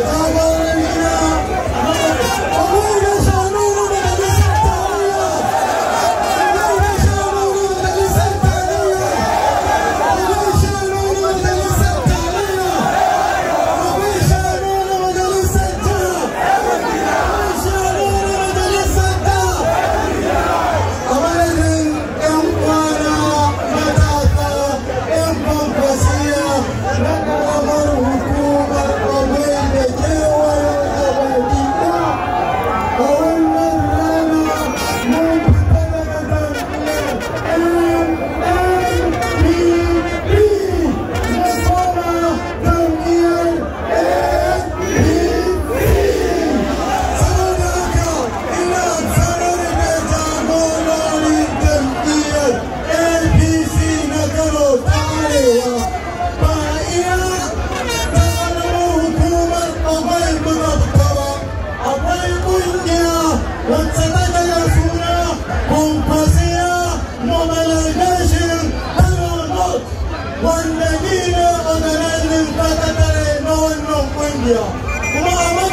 감사합니다. 아, 할렐루야. 고마워.